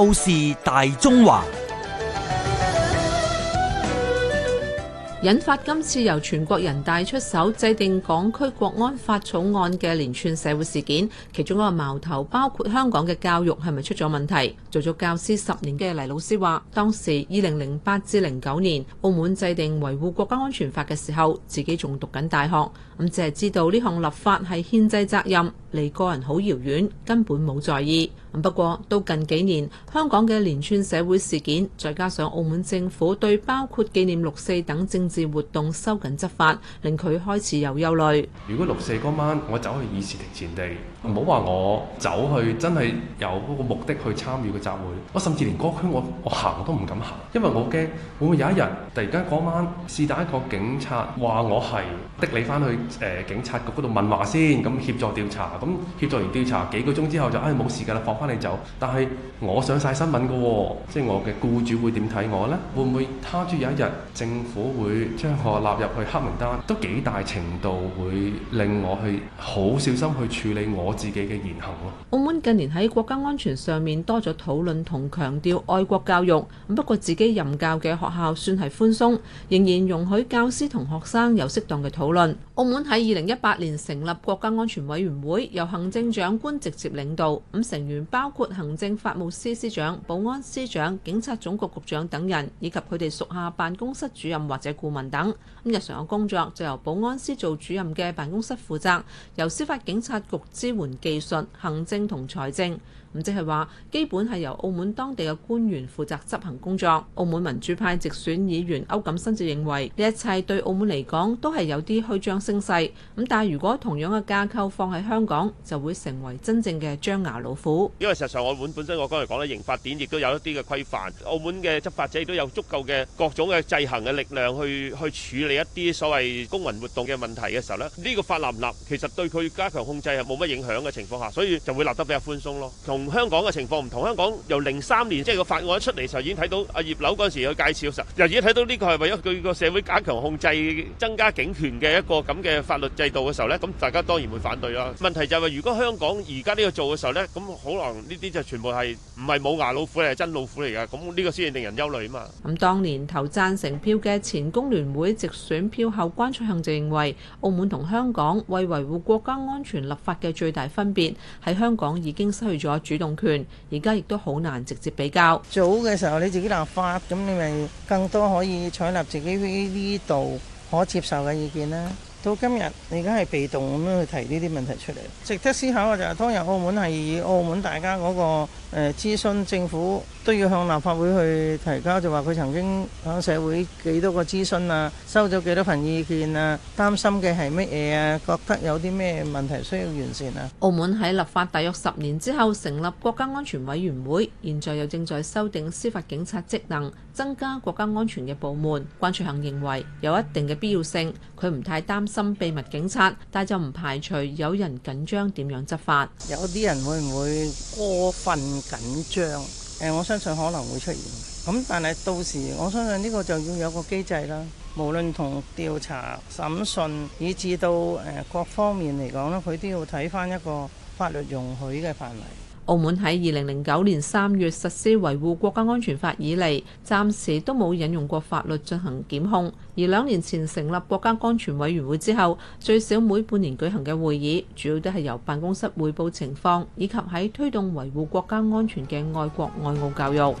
透視大中華，引發今次由全國人大出手制定港區國安法草案嘅連串社會事件，其中一個矛頭包括香港嘅教育係咪出咗問題？做咗教師十年嘅黎老師話，當時二零零八至零九年澳門制定維護國家安全法嘅時候，自己仲讀緊大學，咁只係知道呢項立法係憲制責任。離個人好遙遠，根本冇在意。不過到近幾年，香港嘅連串社會事件，再加上澳門政府對包括紀念六四等政治活動收緊執法，令佢開始有憂慮。如果六四嗰晚我走去議事亭前地，唔好話我走去真係有嗰個目的去參與嘅集會，我甚至連嗰區我我行都唔敢行，因為我驚會唔會有一日突然間嗰晚是但一個警察話我係，的你翻去誒，警察局嗰度問話先，咁協助調查。咁協助完調查幾個鐘之後就唉冇、哎、事㗎啦，放翻你走，但係我上晒新聞㗎喎、哦，即、就、係、是、我嘅僱主會點睇我呢？會唔會他朝有一日政府會將我納入去黑名單？都幾大程度會令我去好小心去處理我自己嘅言行、啊、澳門近年喺國家安全上面多咗討論同強調愛國教育，咁不過自己任教嘅學校算係寬鬆，仍然容許教師同學生有適當嘅討論。澳門喺二零一八年成立國家安全委員會。由行政長官直接領導，咁成員包括行政法務司司長、保安司長、警察總局局長等人，以及佢哋屬下辦公室主任或者顧問等。咁日常嘅工作就由保安司做主任嘅辦公室負責，由司法警察局支援技術、行政同財政。咁即係話，基本係由澳門當地嘅官員負責執行工作。澳門民主派直選議員歐錦新就認為，呢一切對澳門嚟講都係有啲虛張聲勢。咁但係如果同樣嘅架構放喺香港，就會成為真正嘅張牙老虎。因為事實上澳門本身，我剛才講咧，刑法典亦都有一啲嘅規範，澳門嘅執法者亦都有足夠嘅各種嘅制衡嘅力量去去處理一啲所謂公民活動嘅問題嘅時候咧，呢個法立唔立，其實對佢加強控制係冇乜影響嘅情況下，所以就會立得比較寬鬆咯。同香港嘅情況唔同，香港由零三年即係個法案出嚟嘅時候已經睇到，阿葉劉嗰陣時去介紹嘅時候，又已經睇到呢個係為咗佢個社會加強控制、增加警權嘅一個咁嘅法律制度嘅時候咧，咁大家當然會反對啦。問題。就係、是、如果香港而家呢個做嘅時候呢，咁可能呢啲就全部係唔係冇牙老虎，係真老虎嚟㗎。咁呢個先至令人憂慮啊嘛。咁當年投贊成票嘅前工聯會直選票後關翠杏就認為，澳門同香港為維護國家安全立法嘅最大分別，喺香港已經失去咗主動權，而家亦都好難直接比較。早嘅時候你自己立法，咁你咪更多可以採納自己呢度可接受嘅意見啦。到今日你係而家被動咁樣去提呢啲問題出嚟，值得思考嘅就係當日澳門係以澳門大家嗰個誒諮詢政府都要向立法會去提交，就話佢曾經響社會幾多個諮詢啊，收咗幾多份意見啊，擔心嘅係乜嘢啊，覺得有啲咩問題需要完善啊。澳門喺立法大約十年之後成立國家安全委員會，現在又正在修訂司法警察職能，增加國家安全嘅部門。關翠恆認為有一定嘅必要性，佢唔太擔。心秘密警察，但就唔排除有人緊張點樣執法。有啲人會唔會過分緊張？誒，我相信可能會出現。咁但係到時，我相信呢個就要有個機制啦。無論同調查、審訊，以至到誒各方面嚟講咧，佢都要睇翻一個法律容許嘅範圍。澳門喺二零零九年三月實施維護國家安全法以嚟，暫時都冇引用過法律進行檢控。而兩年前成立國家安全委員會之後，最少每半年舉行嘅會議，主要都係由辦公室匯報情況，以及喺推動維護國家安全嘅愛國愛澳教育。